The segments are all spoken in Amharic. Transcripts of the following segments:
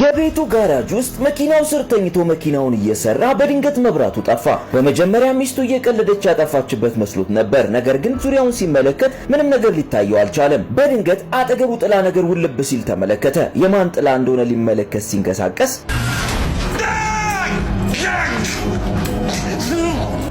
የቤቱ ጋራጅ ውስጥ መኪናው ስር ተኝቶ መኪናውን እየሰራ በድንገት መብራቱ ጠፋ። በመጀመሪያ ሚስቱ እየቀለደች ያጠፋችበት መስሎት ነበር። ነገር ግን ዙሪያውን ሲመለከት ምንም ነገር ሊታየው አልቻለም። በድንገት አጠገቡ ጥላ ነገር ውልብ ሲል ተመለከተ። የማን ጥላ እንደሆነ ሊመለከት ሲንቀሳቀስ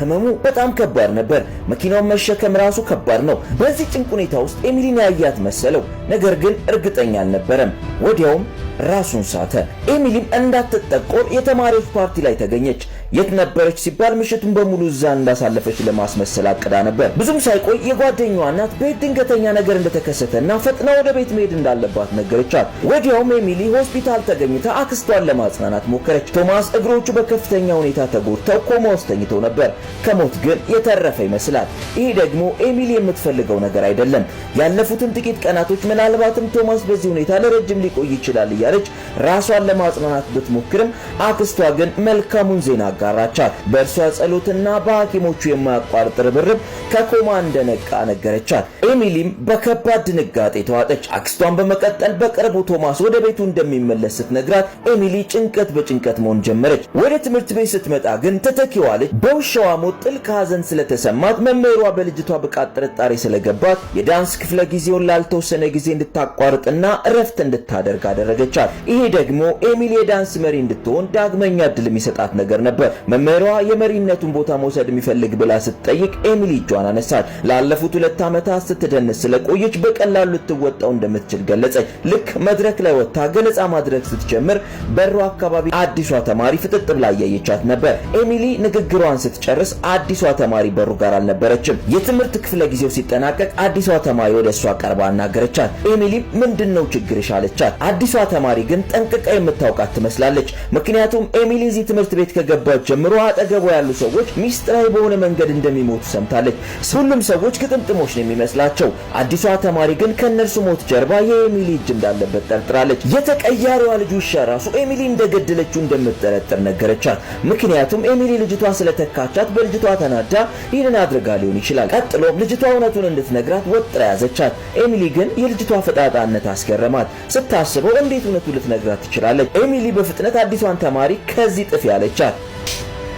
ህመሙ በጣም ከባድ ነበር። መኪናውን መሸከም ራሱ ከባድ ነው። በዚህ ጭንቅ ሁኔታ ውስጥ ኤሚሊን ያያት መሰለው፣ ነገር ግን እርግጠኛ አልነበረም። ወዲያውም ራሱን ሳተ። ኤሚሊም እንዳትጠቆር የተማሪዎች ፓርቲ ላይ ተገኘች። የት ነበረች ሲባል ምሽቱን በሙሉ እዛ እንዳሳለፈች ለማስመሰል አቅዳ ነበር። ብዙም ሳይቆይ የጓደኛዋ እናት ቤት ድንገተኛ ነገር እንደተከሰተና ፈጥና ወደ ቤት መሄድ እንዳለባት ነገረቻት። ወዲያውም ኤሚሊ ሆስፒታል ተገኝታ አክስቷን ለማጽናናት ሞከረች። ቶማስ እግሮቹ በከፍተኛ ሁኔታ ተጎድተው ኮማ ውስጥ ተኝተው ነበር። ከሞት ግን የተረፈ ይመስላል። ይሄ ደግሞ ኤሚሊ የምትፈልገው ነገር አይደለም። ያለፉትን ጥቂት ቀናቶች ምናልባትም ቶማስ በዚህ ሁኔታ ለረጅም ሊቆይ ይችላል እያለች ራሷን ለማጽናናት ብትሞክርም አክስቷ ግን መልካሙን ዜና አጋራቻት። በእርሷ ጸሎትና በሐኪሞቹ የማያቋርጥ ርብርብ ከኮማ እንደነቃ ነገረቻት። ኤሚሊም በከባድ ድንጋጤ ተዋጠች። አክስቷን በመቀጠል በቅርቡ ቶማስ ወደ ቤቱ እንደሚመለስ ስትነግራት ኤሚሊ ጭንቀት በጭንቀት መሆን ጀመረች። ወደ ትምህርት ቤት ስትመጣ ግን ተተኪዋ ልጅ በውሻዋ ሞት ጥልቅ ሐዘን ስለተሰማት መምህሯ በልጅቷ ብቃት ጥርጣሬ ስለገባት የዳንስ ክፍለ ጊዜውን ላልተወሰነ ጊዜ እንድታቋርጥና እረፍት እንድታደርግ አደረገቻት። ይሄ ደግሞ ኤሚሊ የዳንስ መሪ እንድትሆን ዳግመኛ እድል የሚሰጣት ነገር ነበር። መምህሯ የመሪነቱን ቦታ መውሰድ የሚፈልግ ብላ ስትጠይቅ ኤሚሊ እጇን አነሳች። ላለፉት ሁለት ዓመታት ስትደንስ ስለቆየች በቀላሉ ልትወጣው እንደምትችል ገለጸች። ልክ መድረክ ላይ ወጥታ ገለጻ ማድረግ ስትጀምር በሯ አካባቢ አዲሷ ተማሪ ፍጥጥ ብላ እያየቻት ነበር። ኤሚሊ ንግግሯን ስትጨርስ አዲሷ ተማሪ በሩ ጋር አልነበረችም። የትምህርት ክፍለ ጊዜው ሲጠናቀቅ አዲሷ ተማሪ ወደ እሷ ቀርባ አናገረቻት። ኤሚሊም ምንድን ነው ችግርሽ አለቻት። አዲሷ ተማሪ ግን ጠንቅቃ የምታውቃት ትመስላለች። ምክንያቱም ኤሚሊ እዚህ ትምህርት ቤት ከገባ ከሰማች ጀምሮ አጠገቧ ያሉ ሰዎች ሚስጥራዊ በሆነ መንገድ እንደሚሞቱ ሰምታለች። ሁሉም ሰዎች ግጥምጥሞች ነው የሚመስላቸው። አዲሷ ተማሪ ግን ከእነርሱ ሞት ጀርባ የኤሚሊ እጅ እንዳለበት ጠርጥራለች። የተቀያሪዋ ልጅ ውሻ ራሱ ኤሚሊ እንደገደለችው እንደምትጠረጥር ነገረቻት። ምክንያቱም ኤሚሊ ልጅቷ ስለተካቻት በልጅቷ ተናዳ ይህንን አድርጋ ሊሆን ይችላል። ቀጥሎም ልጅቷ እውነቱን እንድትነግራት ወጥራ ያዘቻት። ኤሚሊ ግን የልጅቷ ፈጣጣነት አስገረማት። ስታስበው እንዴት እውነቱ ልትነግራት ትችላለች? ኤሚሊ በፍጥነት አዲሷን ተማሪ ከዚህ ጥፊ ያለቻት።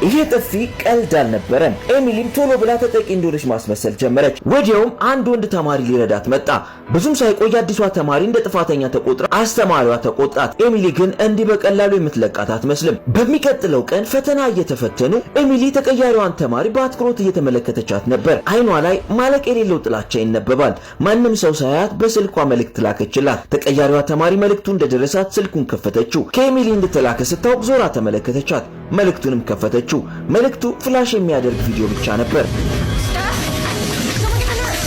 ይሄ ጥፊ ቀልድ አልነበረም። ኤሚሊም ቶሎ ብላ ተጠቂ እንደሆነች ማስመሰል ጀመረች። ወዲያውም አንድ ወንድ ተማሪ ሊረዳት መጣ። ብዙም ሳይቆይ አዲሷ ተማሪ እንደ ጥፋተኛ ተቆጥራ አስተማሪዋ ተቆጣት። ኤሚሊ ግን እንዲህ በቀላሉ የምትለቃት አትመስልም። በሚቀጥለው ቀን ፈተና እየተፈተኑ ኤሚሊ ተቀያሪዋን ተማሪ በአትኩሮት እየተመለከተቻት ነበር። አይኗ ላይ ማለቅ የሌለው ጥላቻ ይነበባል። ማንም ሰው ሳያት በስልኳ መልእክት ላከችላት። ተቀያሪዋ ተማሪ መልእክቱ እንደደረሳት ስልኩን ከፈተችው። ከኤሚሊ እንደተላከ ስታውቅ ዞራ ተመለከተቻት። መልእክቱንም ከፈተችው። መልእክቱ ፍላሽ የሚያደርግ ቪዲዮ ብቻ ነበር።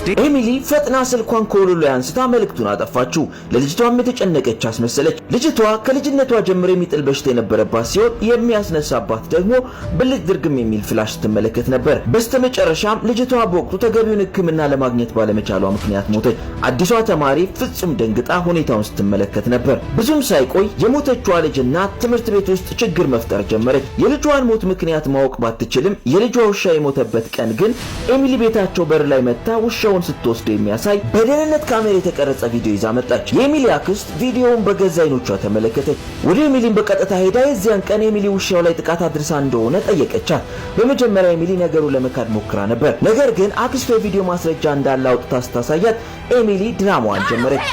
ስትወስድ ኤሚሊ ፈጥና ስልኳን ከወለሉ ላይ አንስታ መልእክቱን አጠፋችው። ለልጅቷም የተጨነቀች አስመሰለች። ልጅቷ ከልጅነቷ ጀምሮ የሚጥል በሽታ የነበረባት ሲሆን የሚያስነሳባት ደግሞ ብልጭ ድርግም የሚል ፍላሽ ስትመለከት ነበር። በስተመጨረሻም ልጅቷ በወቅቱ ተገቢውን ሕክምና ለማግኘት ባለመቻሏ ምክንያት ሞተች። አዲሷ ተማሪ ፍጹም ደንግጣ ሁኔታውን ስትመለከት ነበር። ብዙም ሳይቆይ የሞተችዋ ልጅና ትምህርት ቤት ውስጥ ችግር መፍጠር ጀመረች። የልጇን ሞት ምክንያት ማወቅ ባትችልም የልጇ ውሻ የሞተበት ቀን ግን ኤሚሊ ቤታቸው በር ላይ መታ ውሻው ቪዲዮውን ስትወስድ የሚያሳይ በደህንነት ካሜራ የተቀረጸ ቪዲዮ ይዛ መጣች። የሚሊ አክስት ቪዲዮውን በገዛ አይኖቿ ተመለከተች። ወደ የሚሊን በቀጥታ ሄዳ የዚያን ቀን የሚሊ ውሻው ላይ ጥቃት አድርሳ እንደሆነ ጠየቀቻት። በመጀመሪያ የሚሊ ነገሩን ለመካድ ሞክራ ነበር። ነገር ግን አክስቱ የቪዲዮ ማስረጃ እንዳለ አውጥታ ስታሳያት ኤሚሊ ድራማዋን ጀመረች።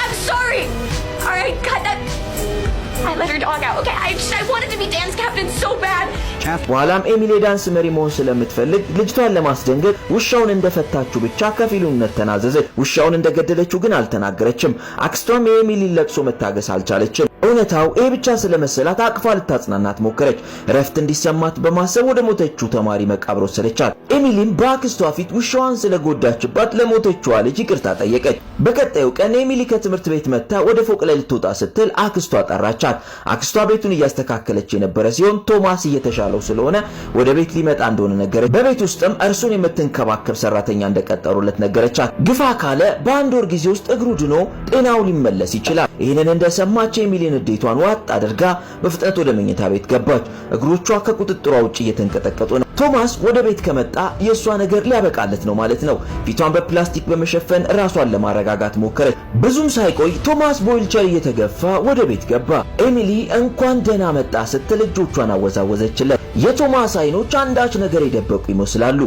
በኋላም ኤሚሌ ዳንስ መሪ መሆን ስለምትፈልግ ልጅቷን ለማስደንገጥ ውሻውን እንደፈታችው ብቻ ከፊሉነት ተናዘዘች። ውሻውን እንደገደለችው ግን አልተናገረችም። አክስቷም የኤሚሊን ለቅሶ መታገስ አልቻለችም። እውነታው ይህ ብቻ ስለመሰላት አቅፋ ልታጽናናት ሞከረች። እረፍት እንዲሰማት በማሰብ ወደ ሞተችው ተማሪ መቃብር ወሰደቻት። ኤሚሊም በአክስቷ ፊት ውሻዋን ስለጎዳችባት ለሞተችዋ ልጅ ይቅርታ ጠየቀች። በቀጣዩ ቀን ኤሚሊ ከትምህርት ቤት መጥታ ወደ ፎቅ ላይ ልትወጣ ስትል አክስቷ ጠራቻት። አክስቷ ቤቱን እያስተካከለች የነበረ ሲሆን ቶማስ እየተሻለው ስለሆነ ወደ ቤት ሊመጣ እንደሆነ ነገረች። በቤት ውስጥም እርሱን የምትንከባከብ ሰራተኛ እንደቀጠሩለት ነገረቻት። ግፋ ካለ በአንድ ወር ጊዜ ውስጥ እግሩ ድኖ ጤናው ሊመለስ ይችላል። ይህንን እንደሰማች ኤሚሊን ንዴቷን ዋጥ አድርጋ በፍጥነት ወደ መኝታ ቤት ገባች። እግሮቿ ከቁጥጥሯ ውጭ እየተንቀጠቀጡ ነው። ቶማስ ወደ ቤት ከመጣ የእሷ ነገር ሊያበቃለት ነው ማለት ነው። ፊቷን በፕላስቲክ በመሸፈን ራሷን ለማረጋጋት ሞከረች። ብዙም ሳይቆይ ቶማስ በዊልቸር እየተገፋ ወደ ቤት ገባ። ኤሚሊ እንኳን ደህና መጣ ስትል እጆቿን አወዛወዘችለት። የቶማስ አይኖች አንዳች ነገር የደበቁ ይመስላሉ።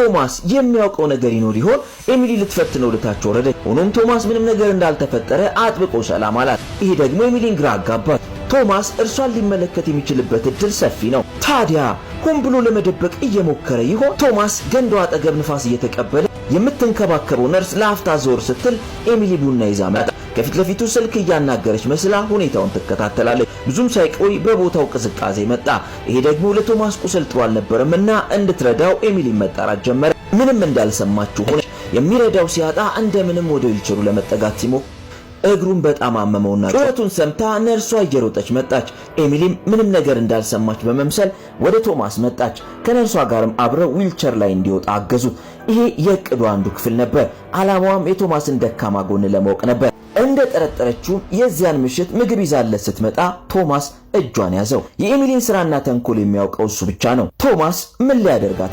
ቶማስ የሚያውቀው ነገር ይኖር ይሆን? ኤሚሊ ልትፈትነው ልታች ወረደች። ሆኖም ቶማስ ምንም ነገር እንዳልተፈጠረ አጥብቆ ሰላም አላት። ይሄ ደግሞ ኤሚሊን ግራ አጋባት። ቶማስ እርሷን ሊመለከት የሚችልበት እድል ሰፊ ነው። ታዲያ ሆን ብሎ ለመደበቅ እየሞከረ ይሆን? ቶማስ ገንዳው አጠገብ ንፋስ እየተቀበለ የምትንከባከበው ነርስ ለአፍታ ዞር ስትል ኤሚሊ ቡና ይዛ መጣ። ከፊት ለፊቱ ስልክ እያናገረች መስላ ሁኔታውን ትከታተላለች። ብዙም ሳይቆይ በቦታው ቅዝቃዜ መጣ። ይሄ ደግሞ ለቶማስ ቁስል ጥሩ አልነበረም እና እንድትረዳው ኤሚሊ መጣራት ጀመረ። ምንም እንዳልሰማችሁ ሆነች። የሚረዳው ሲያጣ እንደምንም ወደ ዊልቸሩ ለመጠጋት ሲሞክር እግሩን በጣም አመመውና ጩኸቱን ሰምታ ነርሷ እየሮጠች መጣች። ኤሚሊም ምንም ነገር እንዳልሰማች በመምሰል ወደ ቶማስ መጣች። ከነርሷ ጋርም አብረው ዊልቸር ላይ እንዲወጣ አገዙት። ይሄ የእቅዱ አንዱ ክፍል ነበር። ዓላማዋም የቶማስን ደካማ ጎን ለማወቅ ነበር። እንደ ጠረጠረችውም የዚያን ምሽት ምግብ ይዛለት ስትመጣ ቶማስ እጇን ያዘው። የኤሚሊን ስራና ተንኮል የሚያውቀው እሱ ብቻ ነው። ቶማስ ምን ሊያደርጋት